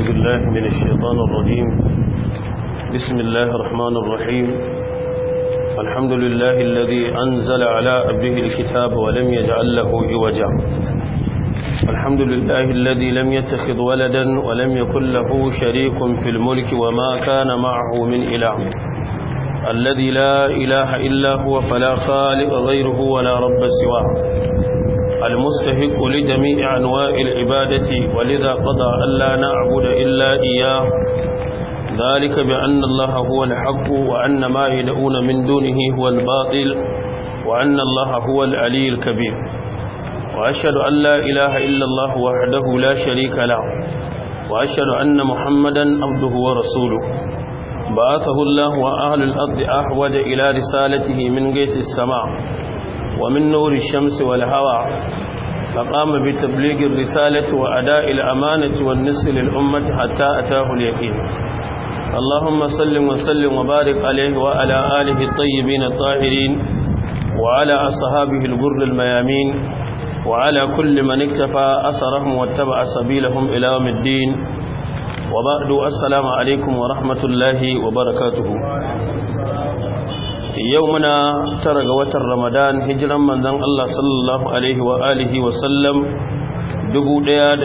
أعوذ بالله من الشيطان الرجيم بسم الله الرحمن الرحيم الحمد لله الذي أنزل على أبه الكتاب ولم يجعل له عوجا الحمد لله الذي لم يتخذ ولدا ولم يكن له شريك في الملك وما كان معه من إله الذي لا إله إلا هو فلا خالق غيره ولا رب سواه المستحق لجميع أنواع العبادة ولذا قضى ألا نعبد إلا إياه ذلك بأن الله هو الحق وأن ما يدعون من دونه هو الباطل وأن الله هو العلي الكبير وأشهد أن لا إله إلا الله وحده لا شريك له وأشهد أن محمدا عبده ورسوله بعثه الله وأهل الأرض أحوج إلى رسالته من قيس السماء ومن نور الشمس والهواء فقام بتبليغ الرسالة وأداء الأمانة والنصف للأمة حتى أتاه اليقين اللهم سلم وسلم وبارك عليه وعلى آله الطيبين الطاهرين وعلى أصحابه البر الميامين وعلى كل من اكتفى أثرهم واتبع سبيلهم إلى يوم الدين وبعد السلام عليكم ورحمة الله وبركاته yau muna tara ga watan ramadan hijiran manzan Allah sallallahu alaihi wa alihi wa sallam 1439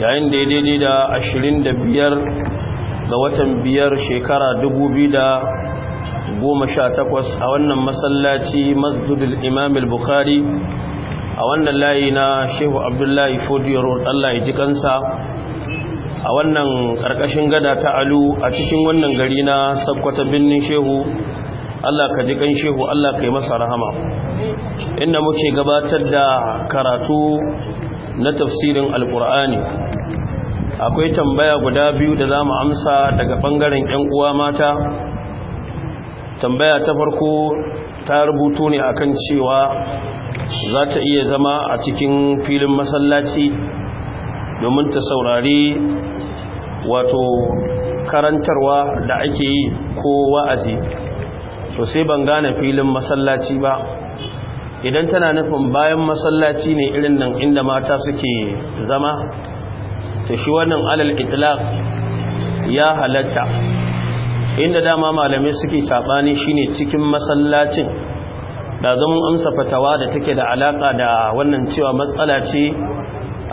yayin da ya daidai da 25 ga watan biyar shekara da goma sha 2018 a wannan masallaci masjidul imam bukhari a wannan layi na shehu abdullahi fodiyar Allah ya ji kansa a wannan ƙarƙashin gada ta alu a cikin wannan gari na sakwata birnin shehu Allah ka ji kan shehu Allah ka yi masa rahama inda muke gabatar da karatu na tafsirin alkur'ani akwai tambaya guda biyu da za mu amsa daga ɓangaren 'yan uwa mata tambaya ta farko ta rubutu ne akan cewa za ta iya zama a cikin filin masallaci domin ta saurari wato karantarwa da ake yi ko wa'azi to sai ban gane filin masallaci ba idan tana nufin bayan masallaci ne irin nan inda mata suke zama ta shi wannan alal itlaq ya halatta inda dama malamai suke sabani shine cikin masallacin da zaman amsa fatawa da take da alaka da wannan cewa matsala ce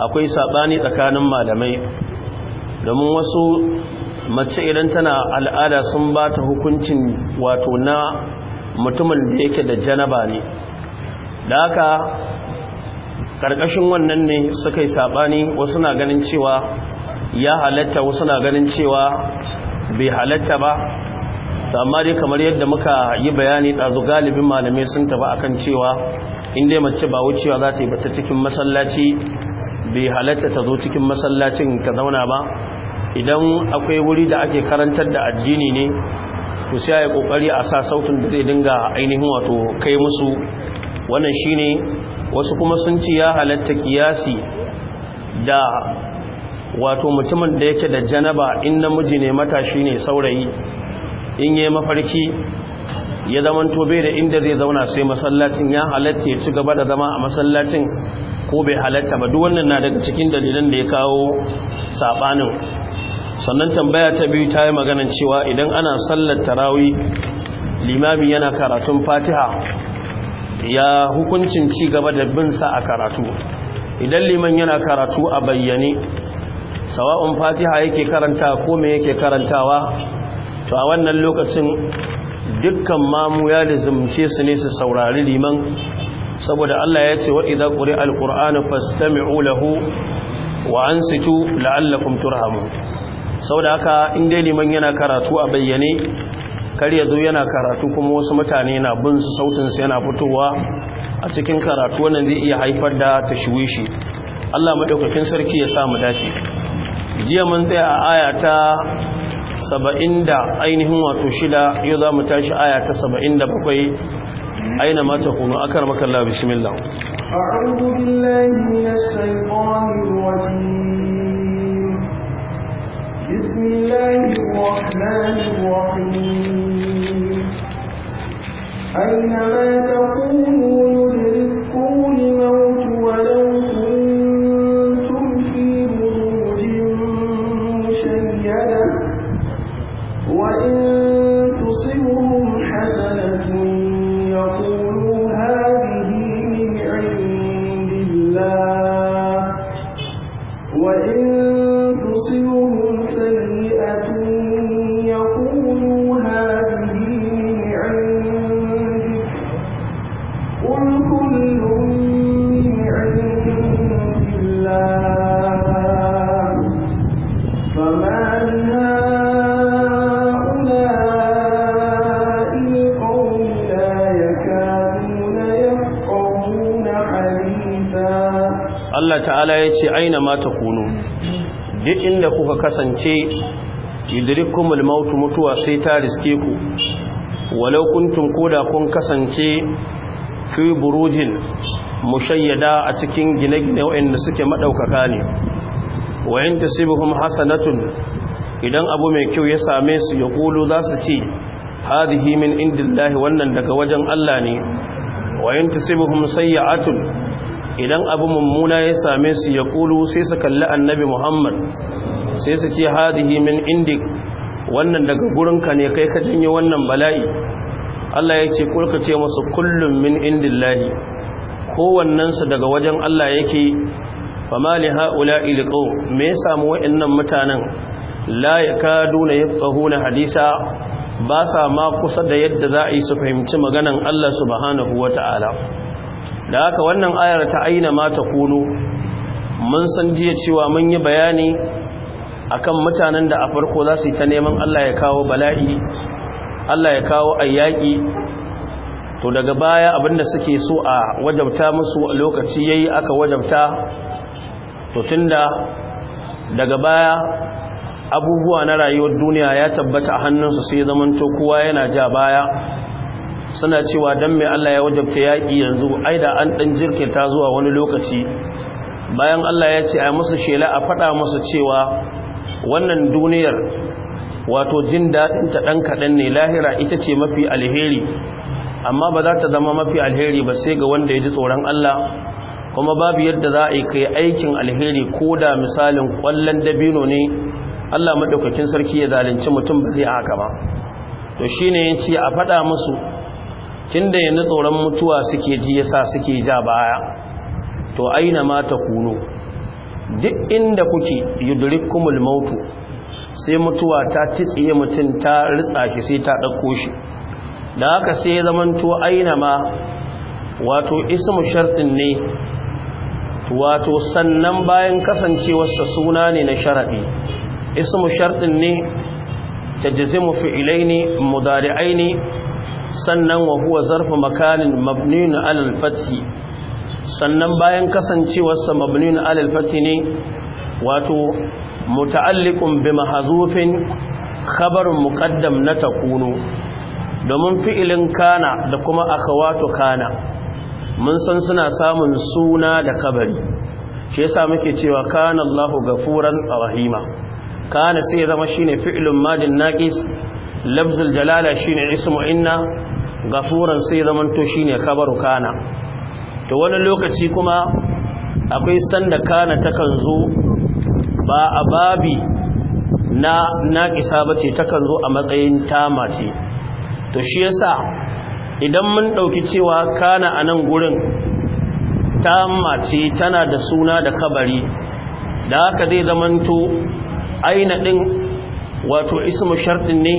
akwai saɓani tsakanin malamai domin wasu mace idan tana al'ada sun ba ta hukuncin wato na mutumin da yake da janaba ne da haka ƙarƙashin wannan ne suka yi saɓani wasu na ganin cewa ya halatta wasu na ganin cewa bai halatta ba amma dai kamar yadda muka yi bayani ɗazu galibin malamai sun taba akan cewa inda mace ba wucewa za ta yi bata cikin masallaci bai halatta ta zo cikin masallacin ka zauna ba idan akwai wuri da ake karantar da addini ne to sai ya kokari a sa sautin da zai dinga ainihin wato kai musu wannan shine wasu kuma sun ci ya halatta kiyasi da wato mutumin da yake da janaba in namiji ne matashi ne saurayi in yayi mafarki ya zamanto bai da inda zai zauna sai masallacin ya halatta ya ci gaba da zama a masallacin ko bai halatta ba duk wannan na daga cikin dalilan da ya kawo sabanin sannan tambaya ta biyu ta yi maganan cewa idan ana sallar tarawi limami yana karatun fatiha ya hukuncin ci gaba da bin sa a karatu idan liman yana karatu a bayyane sawa'un fatiha yake karanta ko me yake karantawa to a wannan lokacin dukkan mamu ya lizumce su ne su saurari liman saboda Allah ya ce wa ƙuri quri'a alqur'anu fastami'u lahu wa ansitu la'allakum turhamu saboda haka in dai liman yana karatu a bayyane kar ya zo yana karatu kuma wasu mutane na bin su sautinsu yana fitowa a cikin karatu wannan zai iya haifar da ta shiwishi. Allah maɗaukakin sarki ya sa mu dace jiya mun tsaya a aya ta da ainihin wato shida yau za mu tashi saba'in da bakwai. aina mata takunu akramaka Allah bismillah a'udhu billahi kasance yudrikumul mautu mutuwa sai ta riske ku walau kuntum koda kun kasance fi burujin mushayyada a cikin gine-gine wa'inda suke maɗaukaka ne wa in tasibuhum hasanatun idan abu mai kyau ya same su ya kulu za su ce hadhihi min indillahi wannan daga wajen Allah ne wa in tasibuhum sayyi'atun idan abu mummuna ya same su ya kulu sai su kalli annabi Muhammad sai su ce hadihi min indik wannan daga gurinka ne kai ka janyo wannan bala'i Allah ya ce kulka ce masu kullum min indillahi kowannensu daga wajen Allah yake fama li haula ilqaw me ya samu wa'annan mutanen la yakaduna yafqahuna hadisa ba sa ma kusa da yadda za a yi su fahimci maganan Allah subhanahu wata'ala da haka wannan ayar ta aina ma ta kunu mun san jiya cewa mun yi bayani akan mutanen da a farko za su yi ta neman Allah ya kawo bala'i Allah ya kawo ayyaki to daga baya abinda suke so a wajabta musu a lokaci yayi aka wajabta to tunda daga baya abubuwa na rayuwar duniya ya tabbata a hannunsu sai to kowa yana ja baya suna cewa dan mai Allah ya wajabta yaki yanzu ai da an dan ta zuwa wani lokaci bayan Allah ya ce ai musu shela a faɗa musu cewa wannan duniyar wato jin daɗinta ɗan kaɗan ne lahira ita ce mafi alheri amma ba za ta zama mafi alheri ba sai ga wanda ya ji tsoron Allah kuma babu yadda za a yi kai aikin alheri ko da misalin ƙwallon dabino ne Allah maɗaukakin sarki ya zalunci mutum ba zai haka ba to shi ne ya ce a faɗa musu tun da yanzu tsoron mutuwa suke ji ya sa suke ja baya to aina ma ta kuno duk inda kuke yudrikumul mautu sai mutuwa ta titsiye mutum ta ritsa shi sai ta ɗauko shi da haka sai zamanto aina ma wato ismu shartin ne wato sannan bayan kasancewarsa suna ne na sharaɗi ismu shartin ne ta fi fi'ilai ne mudari'ai ne sannan wa huwa zarfa makanin mabnin alalfatsi sannan bayan kasancewarsa mabnin alal fati ne wato muta'alliqun bi mahzufin khabarun muqaddam na takunu domin fi'ilin kana da kuma akhawatu kana mun san suna samun suna da kabari shi yasa muke cewa kana Allahu gafuran rahima kana sai zama shine fi'ilun madin naqis lafzul jalala shine ismu inna gafuran sai zamanto shine khabaru kana to wani lokaci kuma akwai sanda kana takan zo ba a babi na naƙisa ba ce takan zo a matsayin tama ce to shi yasa idan mun ɗauki cewa kana a nan gurin tama ce tana da suna da kabari da haka zai zamanto aina ɗin wato ismu shardin ne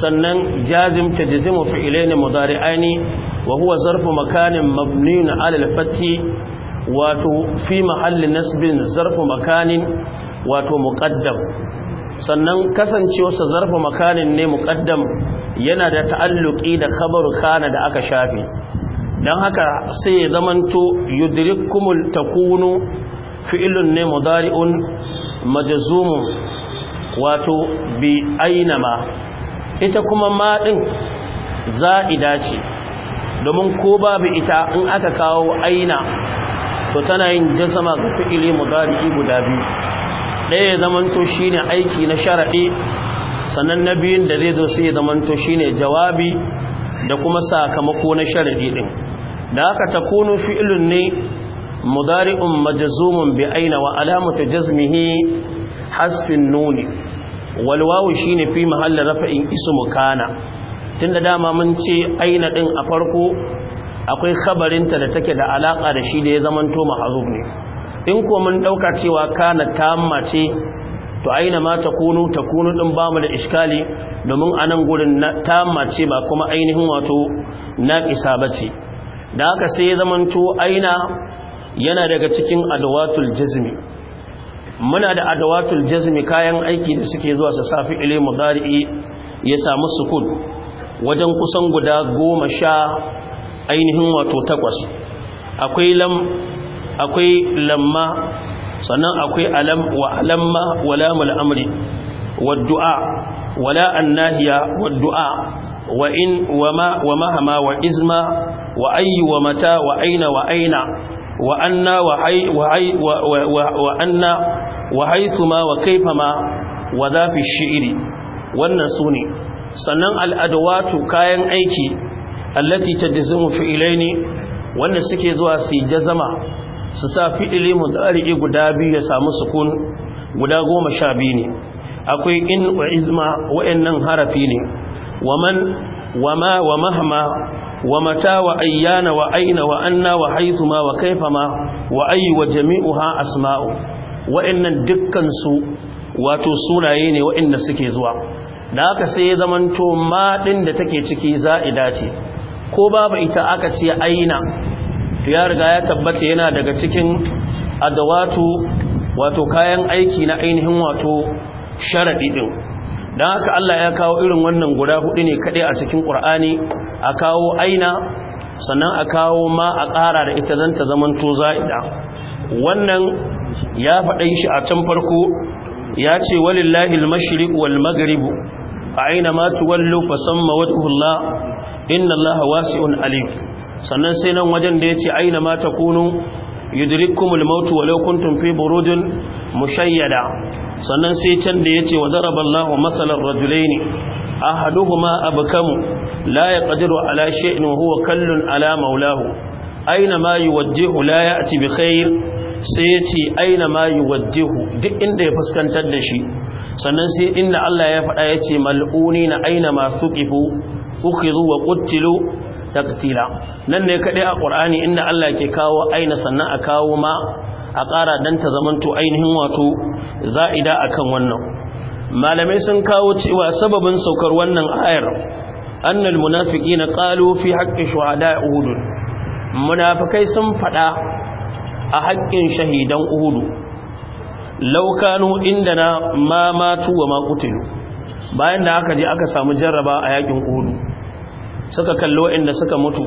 sannan jazim ta jizimu fi'ilai ne wa huwa zarfu makanin mabniun ala wato fi mahalli nasbin zarfu makanin wato sannan kasancewarsa zarfa makanin ne muqaddam yana da ta'alluƙi da khabaru kana da aka shafe dan haka sai zamanto yudrikumul takunu fi'lun ne mudari'un majzumun wato bi ainama ita kuma maɗin za'ida ce domin ko babu ita in aka kawo aina to tana yin jasama ga fi'ili mudari'i guda biyu ɗaya ya zamanto shine aiki na sharaɗi. sannan na biyun da zai zo sai zamanto shine jawabi da kuma sakamako na sharaɗi din da haka kunu fi'lun ne mudari'un majzumun bi aina wa alamatu jazmihi hasfin nuni Walwawu shine fi mahalli rafa'in ismu kana Tun da dama mun ce aina ɗin a farko akwai khabarinta da take da alaka da shi da ya zamanto a ne in ko mun dauka cewa kana tamma ce to aina ma ta kunu takunu ɗin din bamu da iskali domin anan gurin tamma ce ba kuma ainihin wato ba ce. da haka sai ya zamanto aina yana daga cikin adawatul jazmi muna da adawatul jazmi kayan aiki da suke zuwa su safi ile dari'i ya samu sukun wajen kusan guda goma sha ainihin wato takwas akwai lamma sannan akwai alam wa lamma wa lamul amri wa du'a wala annahiya wa du'a wa in wa mahama wa izma wa ayyu wa mata wa aina wa aina wa anna wa hay wa wa anna wa haythuma wa kayfama wa dhafi wannan sune sannan al'adawatu kayan aiki allati tadzumu ne wanda suke zuwa su yi jazama su sa fi'ili mudari guda biyu ya samu sukun guda goma sha biyu ne akwai in wa izma nan harafi ne wa ma wa mahama wa mata wa ayyana wa aina wa anna wa ma wa kaifama wa ayi wa jami'u ha asma'u wa'annan dukkan su wato sunaye ne wa'anda suke zuwa da aka sai ya maɗin da take ciki za'ida ce ko babu ita aka ce aina to ya riga ya tabbata yana daga cikin adawatu wato kayan aiki na ainihin wato sharaɗi ɗin don haka Allah ya kawo irin wannan guda hudu ne kaɗai a cikin ƙur'ani a kawo aina sannan a kawo ma a ƙara da ita zan ta zamanto za'ida wannan ya faɗa shi a can farko ya ce walillahi al-mashriq wal maghrib أينما تولوا فسمى وجه الله إن الله واسع عليم sannan sai nan wajen da ya ce aina ma ta kunu yudrikumul maut walau kuntum fi burujin mushayyada sannan sai can da ya ce wa daraballahu matsalar rajulaini ahaduhuma abkamu la yaqdiru ala shay'in wa huwa kallun ala maulahu aina ma wajehu la ya'ti bi khair sai ya ce aina ma wajehu duk inda ya fuskantar da shi sannan sai inda Allah ya faɗa ya ce mal'uni na aina ma suqifu ukhidhu wa qutilu taqtila nan ne kadai a ƙur'ani inda Allah ke kawo aina sannan a kawo ma a ƙara dan ta zamanto ainihin wato za'ida akan wannan malamai sun kawo cewa sababin saukar wannan ayar annal na qalu fi haqqi shuhada uhud munafikai sun fada a haƙƙin shahidan uhudu laukanu inda na matu wa makutilu bayan da aka je aka samu jarraba a yakin uhudu suka kallo inda suka mutu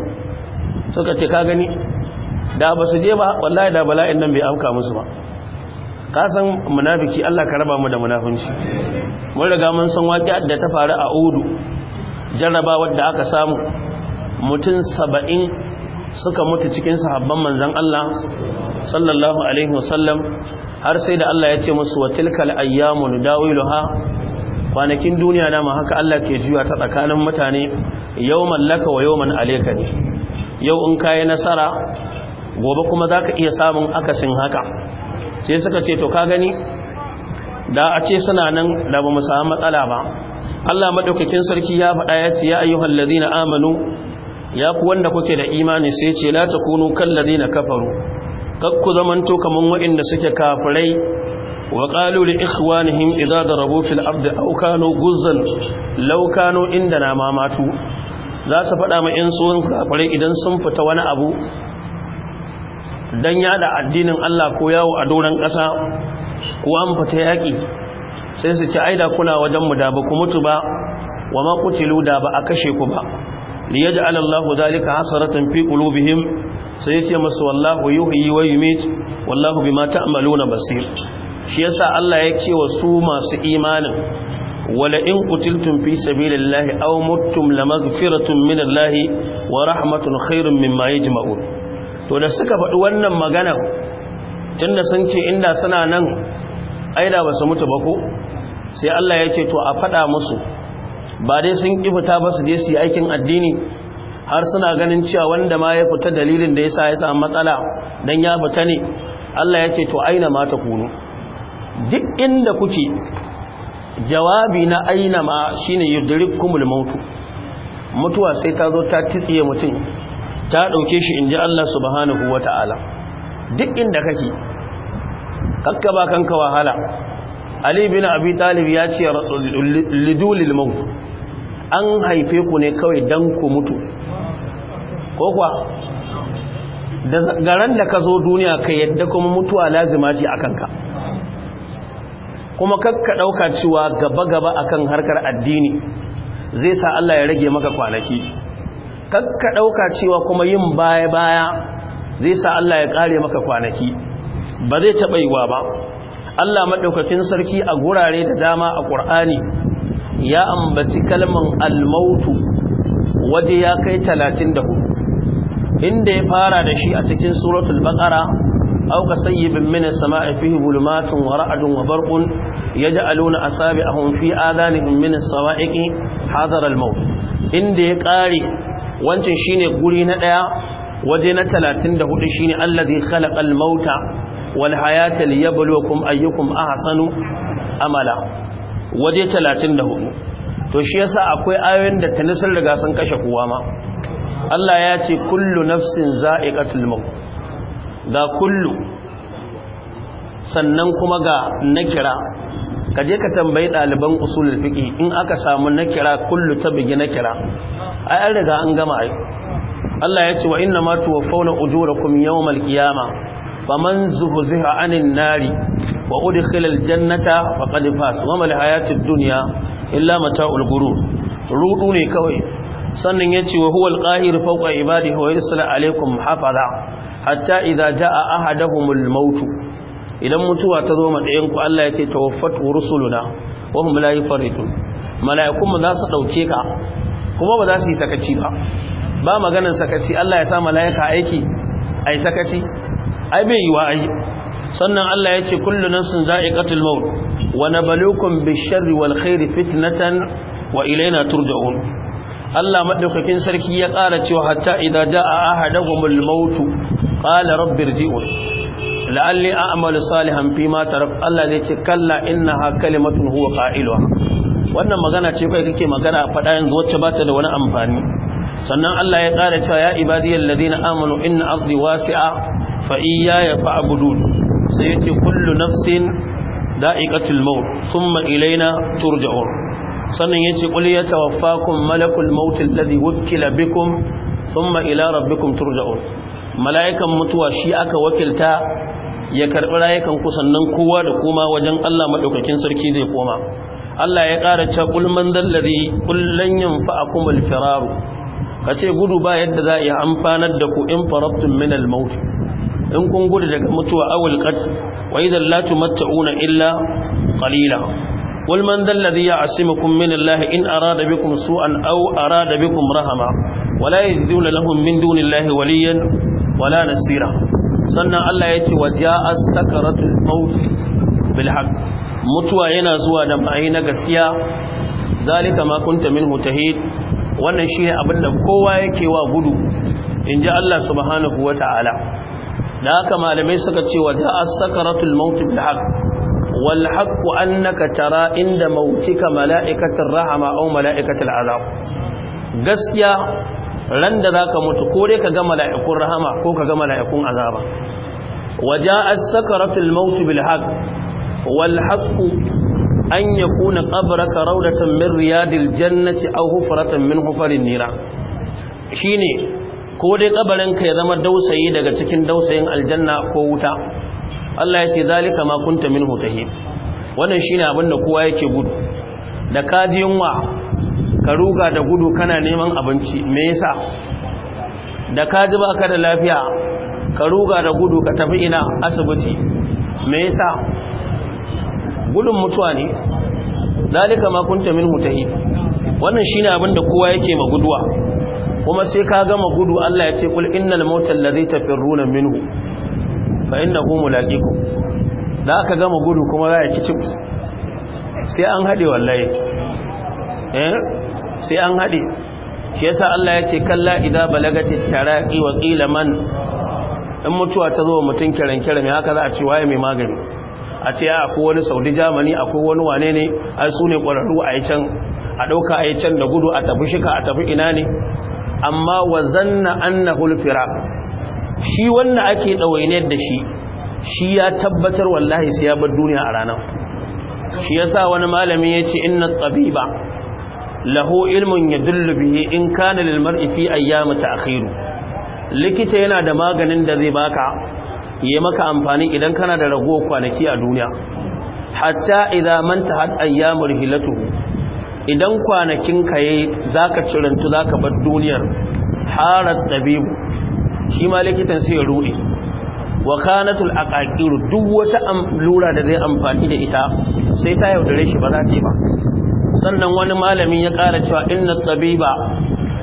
suka ce ka gani da ba su je ba wallahi da bala'in nan bai amka musu ba ka san munafiki Allah ka raba mu da munafunci mun riga mun san waƙi da ta faru a uhudu jarraba wadda aka samu mutum saba'in suka mutu cikin sahabban manzan Allah sallallahu alaihi wasallam har sai da Allah ya ce musu wa tilkal ayyamu ha kwanakin duniya na ma haka Allah ke juya ta tsakanin mutane yawman laka wa yawman alayka ne yau in kai nasara gobe kuma zaka iya samun akasin haka sai suka ce to ka gani da a ce suna nan da ba mu samu matsala ba Allah madaukakin sarki ya faɗa ya ce ya ayyuhan lazina, amanu ya ku wanda kuke da imani sai ce la ta kunu kallazi na kafaru kakku zaman zamanto kaman waɗanda suke kafirai wa ƙalu da ikhwanihim idza darabu fil ardi aw kanu guzzan law kanu inda na mamatu za su faɗa ma in sun kafirai idan sun fita wani abu dan yada addinin Allah ko yawo a doran ƙasa ko an fita yaƙi sai su ci aida kuna wajen mu da ba ku mutu ba wa ma kutilu da ba a kashe ku ba liyaj'al Allahu zalika hasratan fi qulubihim sai yace masu wallahu yuhyi wa yumit wallahu bima ta'maluna basir shi yasa Allah ya ce wa su masu imanin wala in qutiltum fi sabilillahi aw muttum lamaghfiratun minallahi wa rahmatun khairun mimma yajma'un to da suka faɗi wannan magana tunda sun ce inda suna nan aida ba su mutu ba ko sai Allah ya ce to a faɗa musu ba dai sun ƙi fita ba su je su yi aikin addini har suna ganin cewa wanda ma ya fita dalilin da ya sa ya samu matsala don ya fita ne Allah ya ce to aina ma ta kunu duk inda kuke jawabi na aina ma shine kumul mautu mutuwa sai ta zo ta titsiye mutum ta ɗauke shi in ji Allah subhanahu wa ta'ala duk inda kake kakka ba kanka wahala ali bin abi talib ya ce lidulil maut an haife ku ne kawai dan ku mutu ko kuwa garan da ka zo duniya ka yadda kuma mutuwa lazima ce akan ka kuma kakka ɗauka cewa gaba-gaba akan harkar addini zai sa Allah ya rage maka kwanaki kakka ɗauka cewa kuma yin baya-baya zai sa Allah ya kare maka kwanaki ba zai taɓa yiwa ba Allah maɗaukakin sarki a gurare da dama a ƙur'ani ya ambaci kalman al-mautu waje ya kai hudu, inda ya fara da shi a cikin suratul baqara aw ka sayyibin min as-sama'i fihi zulumatun wa ra'dun wa barqun yaj'aluna asabi'ahum fi adanihim min as-sawa'iqi hadar al-maut inda ya kare wancin shine guri na daya waje na 34 shine allazi khalaqa al-mauta wal hayata liyabluwakum ayyukum ahsanu amala waje 34 to shi yasa akwai ayoyin da tuni sun riga sun kashe kowa ma Allah ya ce kullu nafsin za'iqatul maut ga kullu sannan kuma ga nakira ka je ka tambayi ɗaliban usulul fiqi in aka samu nakira kullu ta bigi nakira ai an riga an gama ai Allah ya ce wa inna ma tuwaffawna ujurakum yawmal qiyamah faman zuhziha anin nari wa udkhila aljannata faqad faz wa mal hayatud dunya illa mata'ul ghurur rudu ne kawai sannan yace wa huwal qahir fawqa ibadihi wa yursal alaykum hafaza hatta idza jaa ahaduhumul maut idan mutuwa ta zo madayan ku Allah yace tawaffatu rusuluna wa hum la yufarritun mala'ikun mu za su dauke ka kuma ba za su yi sakaci ba ba maganar sakaci Allah ya sa mala'ika aiki ai sakaci ai bai yi wa ai sannan Allah ya ce kullu nafsin za'iqatul maut wa nabluukum bish-sharri wal khairi fitnatan wa ilayna turja'un Allah madaukakin sarki ya ƙara cewa hatta idza jaa ahaduhumul maut qala rabbi irji'un la'alli a'malu salihan fi ma tarak Allah zai ce kalla innaha kalimatun huwa qailuha wannan magana ce kai kake magana a fada yanzu wacce ba ta da wani amfani sannan Allah ya ƙara cewa ya ibadiyal ladina amanu inna ardi wasi'a fa iyaya fa'budun sai yace kullu nafsin da'iqatul maut thumma ilaina turja'un sannan yace qul yatawaffakum malakul maut alladhi wukkila bikum sun ila rabbikum turja'un mala'ikan mutuwa shi aka wakilta ya karbi rayukan ku sannan kowa da kuma wajen Allah madaukakin sarki zai koma Allah ya ƙara cakulman zallari man dalladhi qul lan yanfa'akum al-firaru kace gudu ba yadda za a yi amfanar da ku in farautan min al in kun gudu daga mutuwa awal qad wa idan la tumatta'una illa qalila wal man dal ladhi ya'simukum min Allah in arada bikum su'an aw arada bikum rahama wa la yajiduna lahum min waliyan wala nasira sannan Allah yace wa ja'a sakaratul maut bil haqq mutuwa yana zuwa da ma'ai na gaskiya zalika ma kunta minhu tahid wannan shine da kowa yake wa gudu inji Allah subhanahu Ta'ala. da haka malamai suka ce wa za a sakaratul mawuti bil haq wal haq annaka tara inda mawtika malaikatul rahama aw malaikatul azab gaskiya ran da zaka mutu ko dai ka ga malaikun rahama ko ka ga malaikun azaba waja saka sakaratul mawt bil haqq wal haqq an yakuna qabraka rawlatan min riyadil jannati aw hufratan min hufaril nira shine ko dai kabarin ka ya zama dausayi daga cikin dausayin aljanna ko wuta Allah ya ce zalika ma kunta minhu tahi wannan shine abin da kowa yake gudu da ka ji yunwa ka ruga da gudu kana neman abinci me yasa da ka ji baka da lafiya ka ruga da gudu ka tafi ina asibiti me yasa gudun mutuwa ne zalika ma kunta minhu tahi wannan shine abin da kowa yake maguduwa kuma sai ka gama gudu Allah ya ce kul innal mautal ladhi tafirruna minhu fa innahu mulaqikum da aka gama gudu kuma za ya kici sai an hade wallahi eh sai an hade shi yasa Allah ya ce kalla idza balagati taraqi wa qila man in mutuwa ta zo mutun kiran kiran haka za a ce waye mai magani a ce a ko wani Saudi Germany akwai wani wane ne ai su ne kwararru a can a dauka a can da gudu a tafi shika a tafi ina ne amma wa zanna annahu firaq shi wanda ake dawainiyar da shi shi ya tabbatar wallahi sai ya bar duniya a ranar shi yasa wani malami yace inna tabiba lahu ilmun yadullu bihi in kana lil mar'i fi ayyam ta'khiru likita yana da maganin da zai baka yi maka amfani idan kana da rago kwanaki a duniya hatta idza mantahat ayyamul hilatuhu idan kwanakin ka za ka cirantu ka bar duniyar harar tabibu shi ma likitan sai ya rudi wa kanatul aqaqir duk wata lura da zai amfani da ita sai ta yaudare shi ba za ta yi ba sannan wani malamin ya ƙara cewa inna tabiba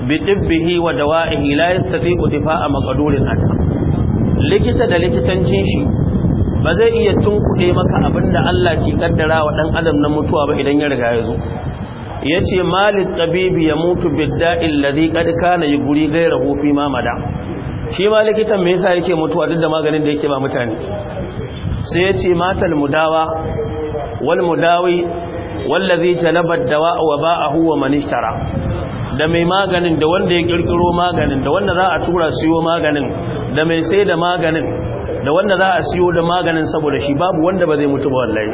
bi tibbihi wa dawa'ihi la yastati'u difa'a maqdurin ata likita da likitancin shi ba zai iya tunkuɗe maka abinda Allah ke kaddara wa dan adam na mutuwa ba idan ya riga ya zo ya ce malin tabibi ya mutu bidda illazi ƙadka na yi guri gaira rahofi mamada shi ma likitan mai yasa yake mutuwa duk da maganin da yake ba mutane sai ya ce matal mudawa wal mudawi wallazi labar dawa wa ba a huwa manishtara da mai maganin da wanda ya kirkiro maganin da wanda za a tura siyo maganin da mai sai da maganin da wanda za a siyo da maganin saboda shi babu wanda ba zai mutu ba wallahi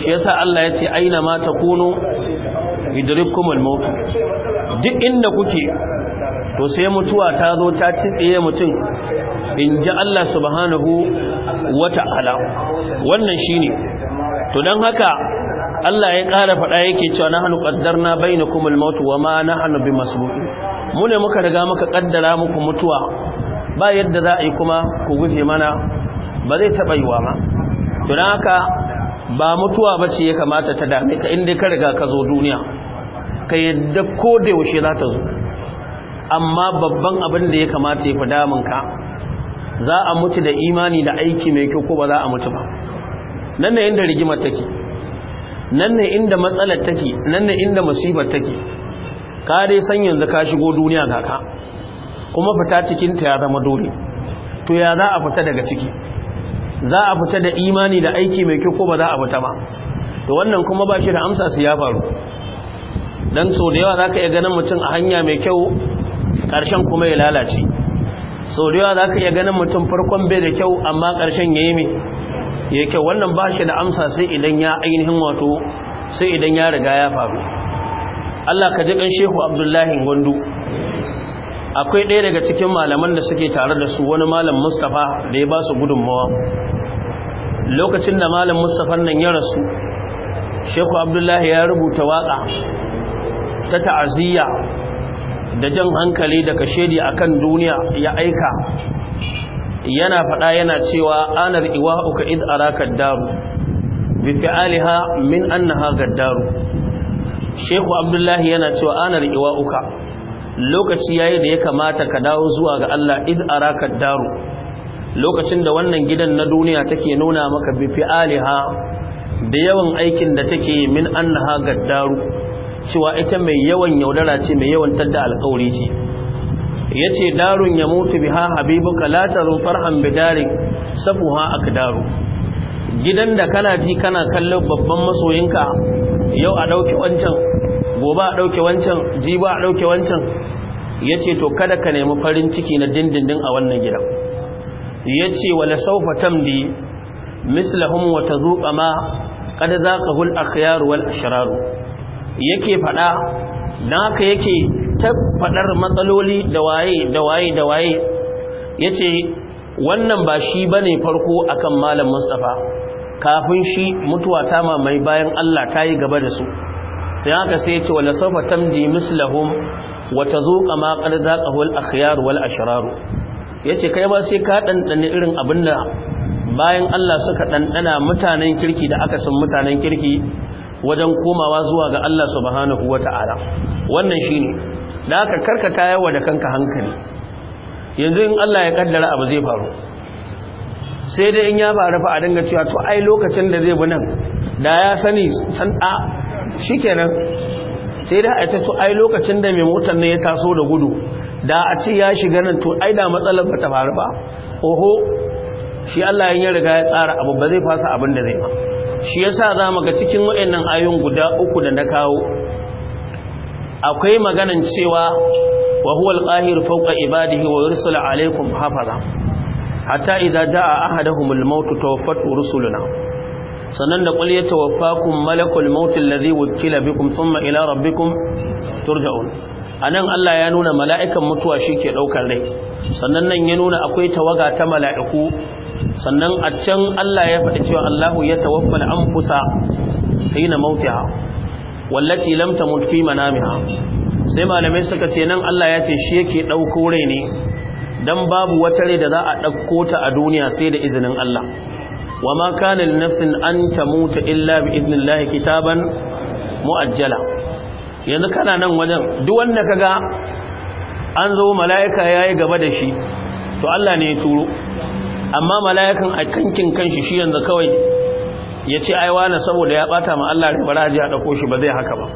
shi yasa Allah ya ce aina ma takunu al maut duk inda kuke to sai mutuwa ta zo ta tsiye mutum in ji Allah subhanahu wata'ala wannan shine to dan haka Allah ya ƙara faɗa yake cewa nahnu qaddarna al maut wa ma nahnu bimasbuqin mu ne muka riga muka kaddara muku mutuwa ba yadda za a yi kuma ku guje mana ba zai taɓa yiwa ma don haka ba mutuwa ba ce ya kamata ta dame ka inda ka riga ka zo duniya ka yadda ko da yaushe za ta zo amma babban abin da ya kamata ya fi damun ka za a mutu da imani da aiki mai kyau ko ba za a mutu ba nan ne inda rigimar take nan ne inda matsalar take nan ne inda musibar take ka dai san yanzu ka shigo duniya ga ka kuma fita cikinta ya zama dole to ya za a fita daga ciki za a fita da imani da aiki mai kyau ko ba za a fita ba to wannan kuma ba shi da amsa su ya faru dan so da yawa za ka iya ganin mutum a hanya mai kyau ƙarshen kuma ya lalace so da yawa za ka iya ganin mutum farkon bai da kyau amma ƙarshen ya yi mai ya kyau wannan ba shi da amsa sai idan ya ainihin wato sai idan ya riga ya faru Allah ka ji kan shehu abdullahi gwandu akwai ɗaya daga cikin malaman da suke tare da su wani malam mustapha da ya ba su gudunmawa lokacin da malam mustapha nan ya rasu sheku abdullahi ya rubuta waƙa ta ta'aziyya da jan hankali da kashedi a kan duniya ya aika yana faɗa yana cewa anar iwa uka id ara daru bifi min annaha gaddaru sheku abdullahi yana cewa anar iwa uka lokaci yayi da ya kamata ka dawo zuwa ga Allah id araka daru lokacin da wannan gidan na duniya take nuna maka bi fi'aliha da yawan aikin da take min annaha gaddaru cewa ita mai yawan yaudara ce mai yawan tadda alƙawari ce yace darun ya mutu biha habibuka la taru farhan bidarik sabuha akdaru gidan da kana ji kana kallon babban masoyinka yau a dauki wancan gobe a ɗauke wancan ji a ɗauke wancan ya ce to kada ka nemi farin ciki na dindindin a wannan gidan ya ce wale saufa tamdi mislahun wata zuƙa ma kada za ka hul a kayaruwar ashiraru yake faɗa na haka yake ta faɗar matsaloli da waye da waye da waye ya ce wannan ba shi ba ne farko akan malam mustapha kafin shi mutuwa ta mamaye bayan allah ta yi gaba da su sai aka sai ce wala sawfa tamdi mislahum wa tazuqa ma qad zaqahu akhyar wal ashrar yace kai ba sai ka ɗanɗana irin abin da bayan Allah suka dandana mutanen kirki da aka san mutanen kirki wajen komawa zuwa ga Allah subhanahu wata'ala wannan shine da aka karkata yawa da kanka hankali yanzu in Allah ya kaddara abu zai faru sai dai in ya faru fa a dinga cewa to ai lokacin da zai bi nan da ya sani san a kenan sai da a ce to ai lokacin da mai motar nan ya taso da gudu da a ce ya shiga nan to ai da matsalar ba ta faru ba oho shi Allah ya riga ya tsara abu ba zai fasa abin da zai ba shi yasa mu ga cikin wayannan ayoyin guda uku da na kawo akwai maganan cewa wa huwa al-qahir fawqa ibadihi wa yursalu alaykum hafaza hatta idza jaa ahaduhum al-maut tawaffatu rusuluna sannan da qul kun malakul maut lazi wukila bikum thumma ila rabbikum turja'un nan Allah ya nuna mala'ikan mutuwa shi ke ɗaukar rai sannan nan ya nuna akwai tawaga ta mala'iku sannan a can Allah ya faɗi cewa Allahu ya tawaffal anfusa hina mautiha wallati lam tamut fi manamiha sai malamai suka ce nan Allah ya ce shi yake ɗauko rai ne dan babu wata rai da za a ɗaukota ta a duniya sai da izinin Allah wa ma kana li nafsin an tamuta illa bi idnillahi kitaban muajjala yanzu kana nan wajen duk wanda kaga an zo mala'ika yayi gaba da shi to Allah ne ya turo amma mala'ikan a kankin kanshi shi yanzu kawai ya ce aiwa na saboda ya bata ma Allah da baraji a dauko shi ba zai haka ba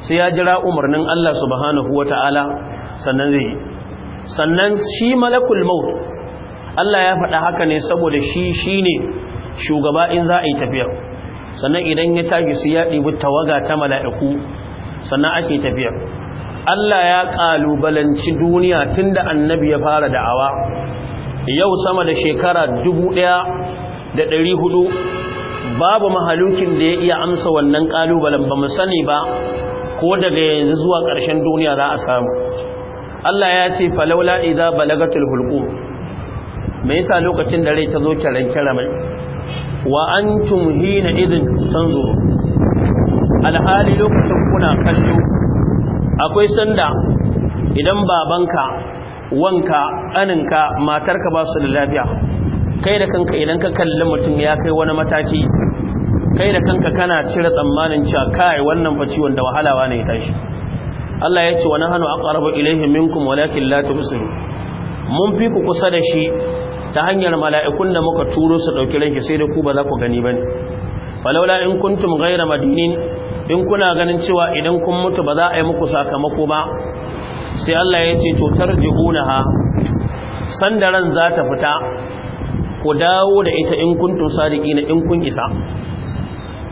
sai ya jira umarnin Allah subhanahu wataala sannan zai sannan shi malakul maut Allah ya faɗa haka ne saboda shi shi ne shugaba in za a yi tafiya sannan idan ya tashi su ya ɗibi tawaga ta mala'iku sannan ake tafiyar. Allah ya ƙalubalanci duniya tun da annabi ya fara da'awa yau sama da shekara dubu ɗaya da ɗari hudu babu mahalukin da ya iya amsa wannan ƙalubalen ba mu sani ba ko daga yanzu zuwa ƙarshen duniya za a samu Allah ya ce falaula idza balagatul hulqum me yasa lokacin da rai ta zo kiran mai? wa antum hina idin tanzuru alhali lokacin kuna kallo akwai sanda idan babanka wanka aninka matarka ba su da lafiya kai da kanka idan ka kalli mutum ya kai wani mataki kai da kanka kana cire tsammanin cewa kai wannan fa ciwon da wahalawa ne ya tashi Allah ya ce wa nahnu aqrabu ilayhi minkum walakin la tubsirun mun fi ku kusa da shi ta hanyar mala'ikun da muka turo su ɗauki ranke, sai da ku ba za ku gani ba ne falaula in kuntum gaira madinin in kuna ganin cewa idan kun mutu ba za a yi muku sakamako ba sai Allah ya ce jihuna ha sandaran za ta fita ku dawo da ita in kuntum sadiqina in kun isa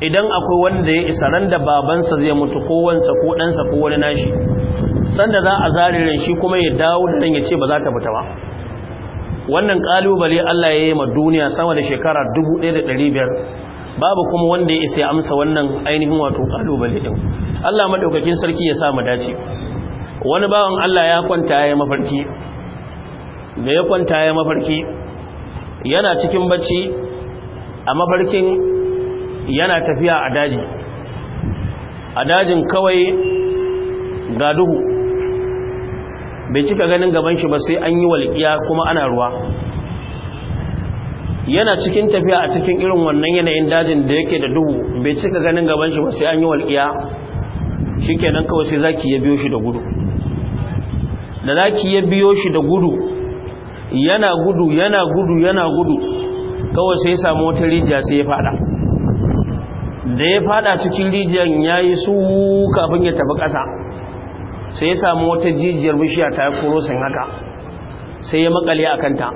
idan akwai wanda ya isa ran da babansa zai mutu ko wansa ko ɗansa ko wani nashi sanda za a zare ran shi kuma ya dawo da nan ya ce ba za ta fita ba wannan kalubale Allah ya yi ma duniya sama da shekara 1500 babu kuma wanda ya isa ya amsa wannan ainihin wato kalubale din Allah madaukakin sarki ya sa mu dace wani bawan Allah ya kwanta ya mafarki da ya kwanta ya mafarki yana cikin bacci a mafarkin yana tafiya a daji a dajin kawai ga duhu bai cika ganin gaban shi ba sai an yi walƙiya kuma ana ruwa yana cikin tafiya a cikin irin wannan yanayin dajin da yake da duhu bai cika ganin gaban shi ba sai an yi walƙiya shikenan kawai sai zaki ya biyo shi da gudu da zaki ya biyo shi da gudu yana gudu yana gudu yana gudu kawai sai ya samu wata rijiya sai ya fada da ya fada cikin rijiyan ya yi su kafin ya tafi ƙasa sai ya samu wata jijiyar bishiya ta koro sun haka sai ya makale a kanta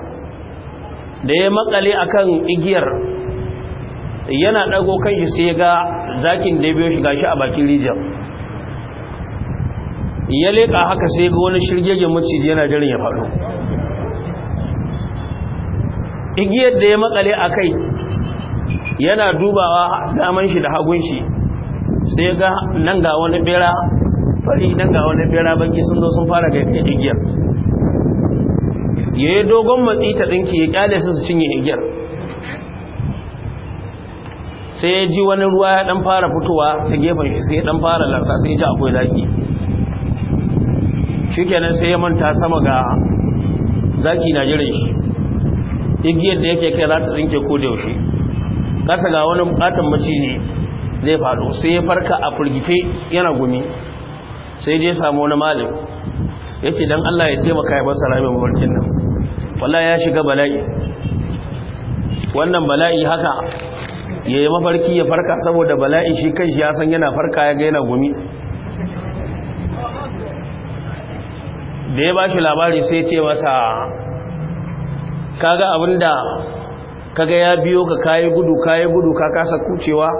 da ya makale a kan igiyar yana ɗago kan shi sai ga zakin da ya biyo shiga shi a bakin rijiyar ya leƙa haka sai ya ga wani shirgegen maciji yana jirin ya faɗo igiyar da ya makale a kai yana dubawa daman shi da hagun shi sai ga nan ga wani bera fari nan ga wani bera banki sun zo sun fara ga igiyar ya yi dogon matsi ta ɗinki ya ƙyale su su cinye igiyar sai ya ji wani ruwa ya ɗan fara fitowa ta gefen shi sai ya ɗan fara lansa sai ya ji akwai zaki shi kenan sai ya manta sama ga zaki na jiran shi igiyar da yake kai za ta ɗinke ko da yaushe ƙasa ga wani buƙatan maciji zai faɗo sai ya farka a firgice yana gumi sai je samu wani malam ya ce don Allah ya taimaka ya basa ramin mulkin nan wallah ya shiga bala'i wannan bala'i haka ya yi mafarki ya farka saboda bala'i shi kan ya san yana farka ya ga yana gumi da ya ba shi labari sai ce masa kaga abinda kaga ya biyo ka kayi gudu kayi gudu ka kasa kucewa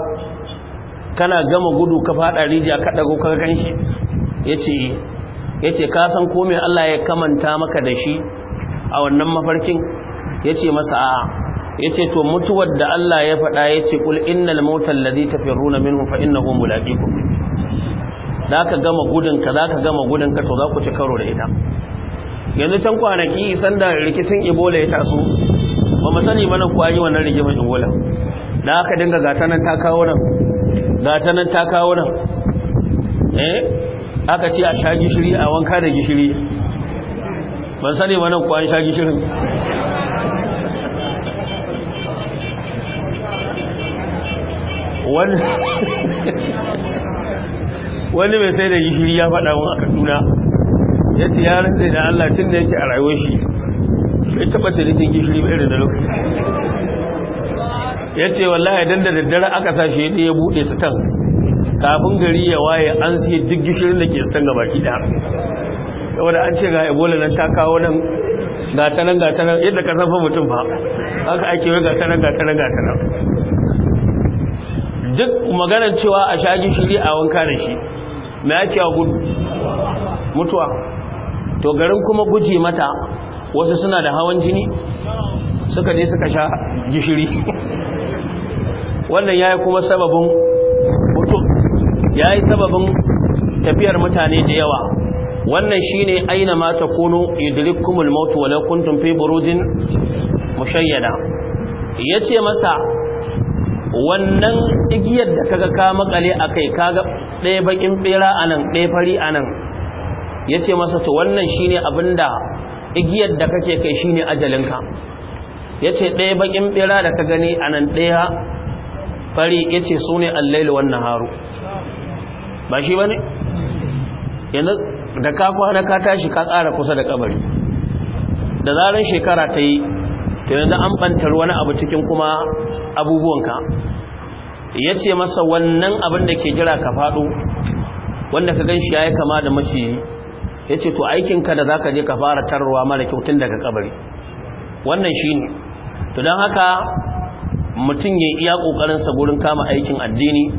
kana gama gudu ka fada rijiya ka dago ka ganshi ya ce ka san kome Allah ya kamanta maka da shi a wannan mafarkin ya ce masa a ya ce to mutuwar da Allah ya faɗa ya ce ƙul innal motar ladi tafi runa min hufa inna hun mulaƙi ku za ka gama gudunka za ka gama gudunka to za ku ci karo da ita yanzu can kwanaki sanda rikicin ibola ya taso ba mu sani mana ku an yi wannan rigimar ibola da aka dinga gata nan ta kawo nan gata nan ta kawo nan eh aka ce a sha gishiri a wanka da gishiri ban sani ba kwan sha gishirin wani mai sai da gishiri ya faɗa wani a kaduna ya ce ya rantse da allah tun da yake a rayuwar shi bai taɓa cinikin gishiri mai irin da lokaci ya ce wallahi dan da daddare aka sa shi ya buɗe su tan kafin gari ya waye an siya duk gishirin da ke stan gaba kida saboda an ce ga ebola nan ta kawo nan gatanan nan gata nan yadda ka zafa mutum ba haka ake wai gatanan nan gatanan nan nan duk maganar cewa a sha gishiri a wanka da shi mai ake a gudu mutuwa to garin kuma guji mata wasu suna da hawan jini suka ne suka sha gishiri wannan ya yi kuma sababin ya yi sababin tafiyar mutane da yawa wannan shi ne aina ma takunu yudrikumul maut wala kuntum fi burujin mushayyada ce masa wannan igiyar da kaga ka makale kai kaga ɗaya bakin bera nan ɗaya fari a nan, ya ce masa to wannan shi abin abinda igiyar da kake kai shi ne ajalinka ya ce ɗaya bakin bera da ka gani a nan ɗaya fari ya ce sune ne allailu wannan haru ba shi ba ne? yanzu da ka kwana ka tashi ka kara kusa da kabari da zarar shekara ta yi to yanzu an bantar wani abu cikin kuma abubuwanka ya ce masa wannan abin da ke jira ka faɗo wanda ka gan shi ya yi kama da maciyi ya ce to aikinka da za ka je ka fara tarwa mara kyautun daga kabari wannan shi ne to don haka mutum ya iya ƙoƙarinsa gurin kama aikin addini